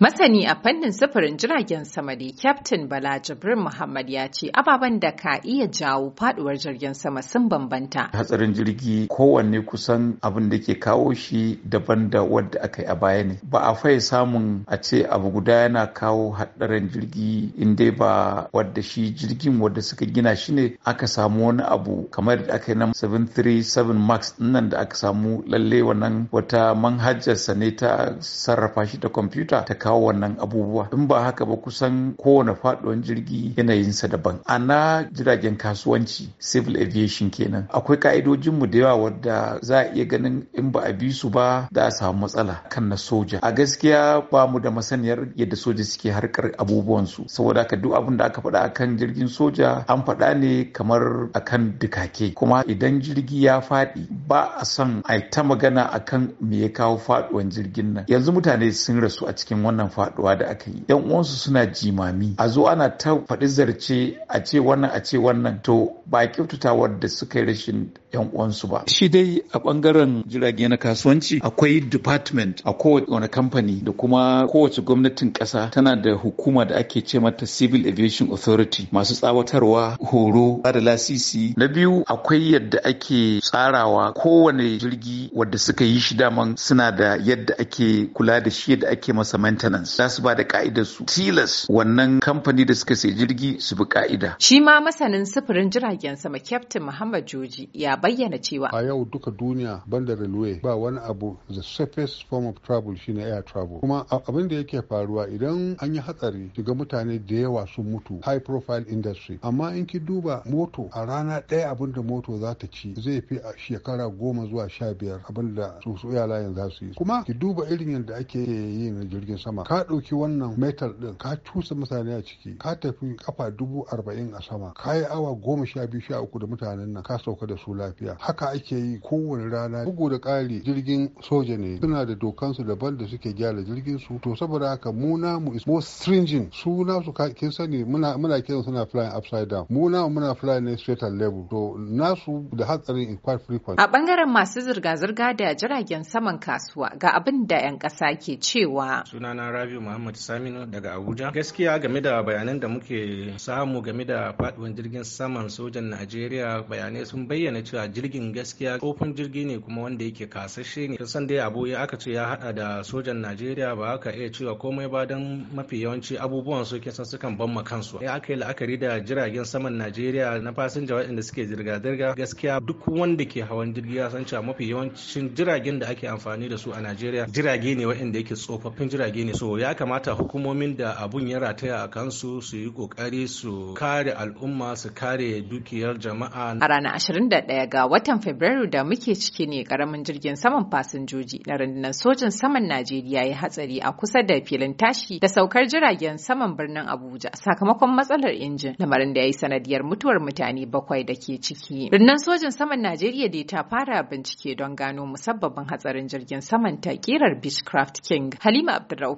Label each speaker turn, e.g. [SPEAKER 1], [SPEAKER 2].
[SPEAKER 1] Masani a fannin sufurin jiragen sama da Kyaftin Bala Jibrin Muhammad ya ce ababen da ka iya jawo faduwar jirgin sama sun bambanta.
[SPEAKER 2] Hatsarin jirgi kowanne kusan abin da ke kawo shi daban da wadda aka yi a baya ne. Ba a fai samun a ce abu guda yana kawo hatsarin jirgi inda ba wadda shi jirgin wadda suka gina shi ne aka samu wani abu kamar da aka yi na 737 Max nan da aka samu lalle wannan wata manhajar sa ne ta sarrafa shi da kwamfuta ta kawo wannan abubuwa in ba haka ba kusan kowane faduwan jirgi yanayinsa daban A na jiragen kasuwanci civil aviation kenan akwai ka'idojin mu da yawa wadda za a iya ganin in ba a bi su ba da a samu matsala kan na soja a gaskiya ba mu da masaniyar yadda soja suke harkar abubuwan su saboda haka duk abin da aka faɗa akan jirgin soja an faɗa ne kamar akan dukake kuma idan jirgi ya faɗi ba a son a ta magana akan me ya kawo faɗuwan jirgin nan yanzu mutane sun rasu a cikin wannan wannan faduwa da aka yi yan uwansu suna jimami a zo ana ta faɗi zarce a ce wannan a ce wannan to ba a kyautatawa da suka yi rashin yan uwansu ba shi dai a bangaren jirage na kasuwanci akwai department a kowane kamfani da kuma kowace gwamnatin ƙasa tana da hukuma da ake ce mata civil aviation authority masu tsawatarwa horo da lasisi na biyu akwai yadda ake tsarawa kowane jirgi wadda suka yi shi daman suna da yadda ake kula da shi yadda ake masa mental maintenance za su ba da ka'idar su tilas wannan kamfani da suka sai jirgi su bi ka'ida
[SPEAKER 1] shi ma masanin sufurin jiragen sama captain muhammad joji ya bayyana cewa a yau duka duniya
[SPEAKER 3] banda railway ba wani abu the safest form of travel shine air travel kuma abin da yake faruwa idan an yi hatsari shiga mutane da yawa sun mutu high profile industry amma in ki duba moto a rana ɗaya abin da moto za ta ci zai fi a shekara goma zuwa sha biyar abin da su su za su yi kuma ki duba irin yadda ake yi na jirgin sama sama ka ɗauki wannan metal ɗin ka cusa mutane a ciki ka tafi kafa dubu arba'in a sama ka yi awa goma sha biyu sha uku da mutanen nan ka sauka da su lafiya haka ake yi kowane rana bugu da ƙari jirgin soja ne suna da dokansu daban da suke gyara jirgin su to saboda haka mu namu is more stringent su nasu kin sani muna muna kiran suna flying upside down mu namu muna flying ne straight and level to nasu da hatsarin in quite frequent a
[SPEAKER 1] bangaren masu zirga-zirga da jiragen saman kasuwa ga abin da 'yan ƙasa ke cewa
[SPEAKER 4] sunana Rabiu Muhammad Saminu daga Abuja. Gaskiya game da bayanan da muke samu game da faduwan jirgin saman sojan Najeriya bayanai sun bayyana cewa jirgin gaskiya kofin jirgi ne kuma wanda yake kasashe ne. Kusan dai abu ya aka ce ya hada da sojan Najeriya ba aka iya cewa komai ba don mafi yawanci abubuwan su kisan sukan ban ma kansu. Ya aka yi la'akari da jiragen saman Najeriya na fasinja waɗanda suke zirga-zirga gaskiya duk wanda ke hawan jirgi ya san cewa mafi yawancin jiragen da ake amfani da su a Najeriya jirage ne waɗanda yake tsofaffin jirage ne ne so ya kamata hukumomin da abun ya rataya a kansu su yi kokari su kare al'umma su kare dukiyar jama'a a
[SPEAKER 1] ranar 21 ga watan fabrairu da muke ciki ne karamin jirgin saman fasinjoji na rundunar sojin saman najeriya ya hatsari a kusa da filin tashi da saukar jiragen saman birnin abuja sakamakon matsalar injin lamarin da ya yi sanadiyar mutuwar mutane bakwai da ke ciki rundunar sojin saman najeriya dai ta fara bincike don gano musabbabin hatsarin jirgin saman ta kirar beechcraft king halima abdurrauf